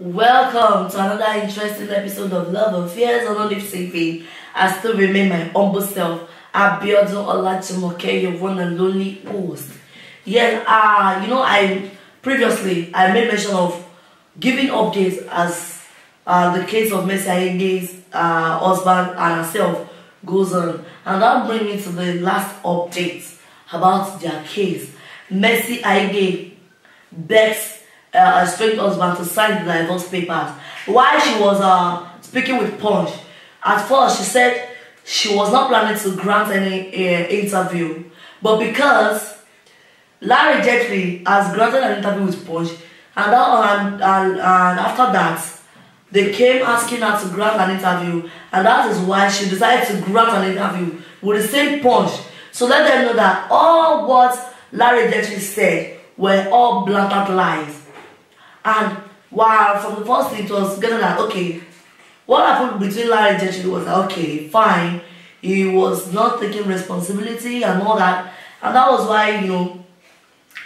Welcome to another interesting episode of Love and Fears on Lip Saving. I still remain my humble self. I to make your one and lonely post. Yes, uh, you know, I previously I made mention of giving updates as uh, the case of Messi Ayege's uh, husband and herself goes on. And that brings me to the last update about their case. Messi Ayege begs uh, a strict husband to sign the divorce papers. While she was uh, speaking with Punch, at first she said she was not planning to grant any uh, interview, but because Larry Jeffrey has granted an interview with Punch, and, that, and, and after that, they came asking her to grant an interview, and that is why she decided to grant an interview with the same punch. So let them know that all what Larry Jeffrey said were all blatant lies. And while from the first it was getting like, okay, what happened between Larry and Jeshua was like, okay, fine. He was not taking responsibility and all that. And that was why, you know,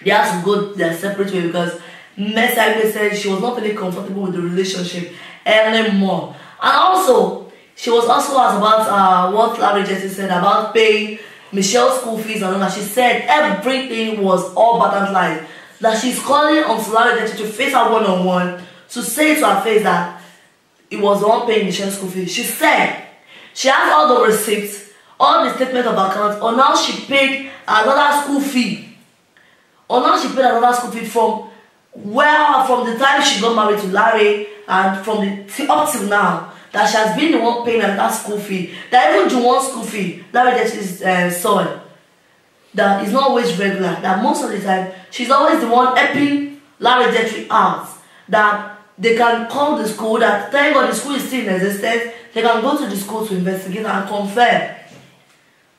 they had to go their separate way because Miss said she was not really comfortable with the relationship anymore. And also, she was also asked about uh, what Larry Jesse said about paying Michelle's school fees and all that. She said everything was all but that lies that she's calling on Fularide to face her one-on-one to say to her face that it was the one paying the child's school fees. She said she has all the receipts, all the statement of account on how she paid another school fee. On how she paid another school fee from well from the time she got married to Larry and from the up till now that she has been the one paying that school fee. That even the one school fee Larry Deti's uh, eh, son that is not always regular, that most of the time she's always the one helping Larry Gentry out. That they can call the school, that thank God the school is still in existence, they can go to the school to investigate and confirm.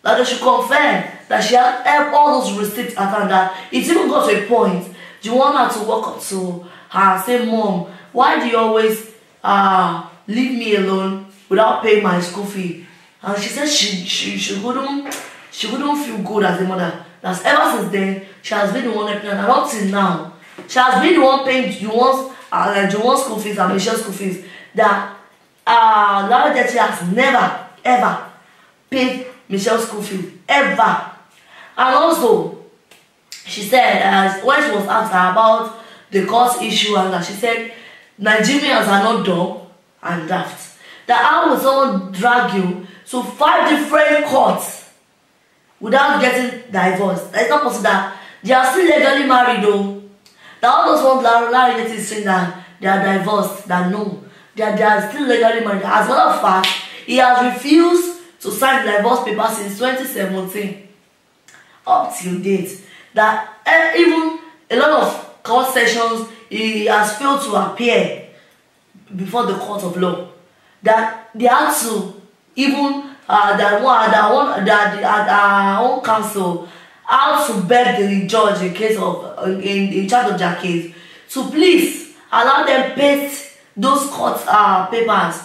That they should confirm that she had helped all those receipts at hand. That it even got to a point. Do you want her to walk up to her and say, Mom, why do you always uh, leave me alone without paying my school fee? And she said she, she, she wouldn't she wouldn't feel good as a mother. That's ever since then, she has been the one helping and not till now. She has been the one paying Juwon's, uh, like Juwon's school fees and Michelle's school fees that uh, Lara Jetty has never, ever paid Michelle's school fees. Ever. And also, she said, uh, when she was asked about the cost issue and that, she said, Nigerians are not dumb and daft. That I was someone drag you to five different courts without getting divorced. It's not possible that they are still legally married though. That all those ones that are related saying that they are divorced, that no, that they are still legally married. As a matter of fact, he has refused to sign the divorce paper since 2017 up till date. That eh, even a lot of court sessions he has failed to appear before the court of law. That they had to even Uh, uh, that one that one that the, at uh, our uh, own council how to beg the judge in case of in, in charge of their case to so please allow them paste those court uh, papers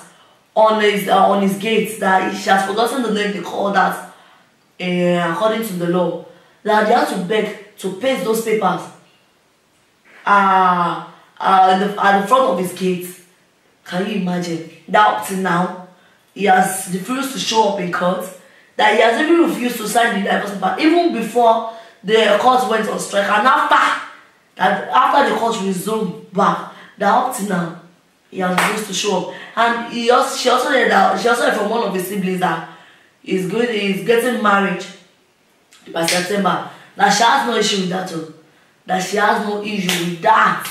on his uh, on his gates that he has forgotten the name they call that uh, according to the law that they have to beg to paste those papers uh, uh, the, at the front of his gate can you imagine that up till now he has refused to show up in court, that he has even refused to sign the divorce paper even before the court went on strike and after that after the court resumed back that up till now he has refused to show up and he also she also said that she also heard from one of his siblings that he's going he's getting married by September that she has no issue with that too oh. that she has no issue with that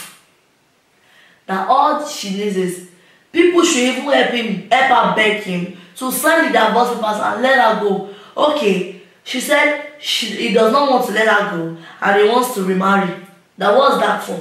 that all she needs is people should even help him help her beg him to sign the divorce papers and let her go okay she said she he does not want to let her go and he wants to remarry that was that for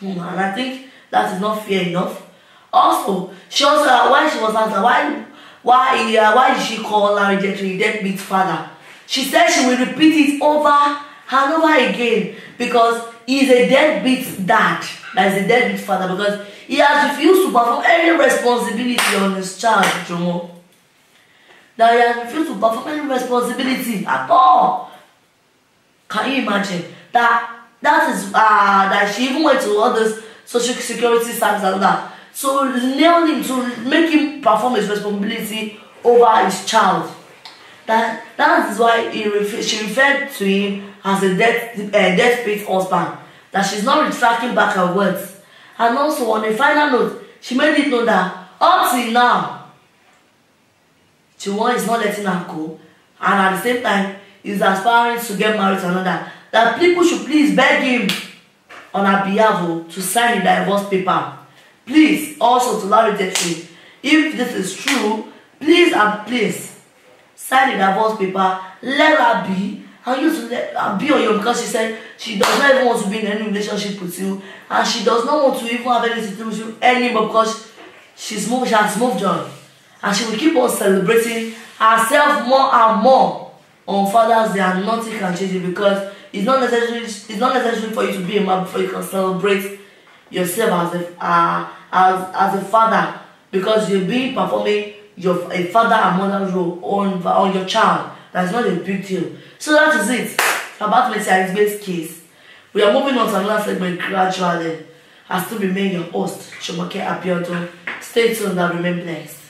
hmm, and i think that is not fair enough also she also uh, why she was asked why why uh, why did she call larry gentry deadbeat father she said she will repeat it over and over again because He is a deadbeat dad. That is a deadbeat father because he has refused to perform any responsibility on his child, Jomo. That he has refused to perform any responsibility at all. Can you imagine? That that is uh, that she even went to all those social security services and that. So nailed him to make him perform his responsibility over his child. That, that is why he refer, she referred to him as a dead, uh, eh, deathbeat husband, that she's not retracting back her words. And also, on a final note, she made it known that up till now, Chiwon is not letting her go, and at the same time, is aspiring to get married to another. That people should please beg him on her behalf oh, to sign the divorce paper. Please, also to Larry Detri, if this is true, please and please sign a divorce paper let her be and you to let her be on you because she said she does not even want to be in any relationship with you and she does not want to even have anything to do with you anymore because she's moved she has moved on and she will keep on celebrating herself more and more on Father's Day and nothing can change it because it's not necessary it's not necessary for you to be a man before you can celebrate yourself as a uh, as as a father because you're being performing your a father and mother role on on your child. That's not a big deal. So that is it about Mr. Elizabeth's case. We are moving on to another segment gradually. I still remain your host, Chumake Abiodun. Stay tuned and remain blessed.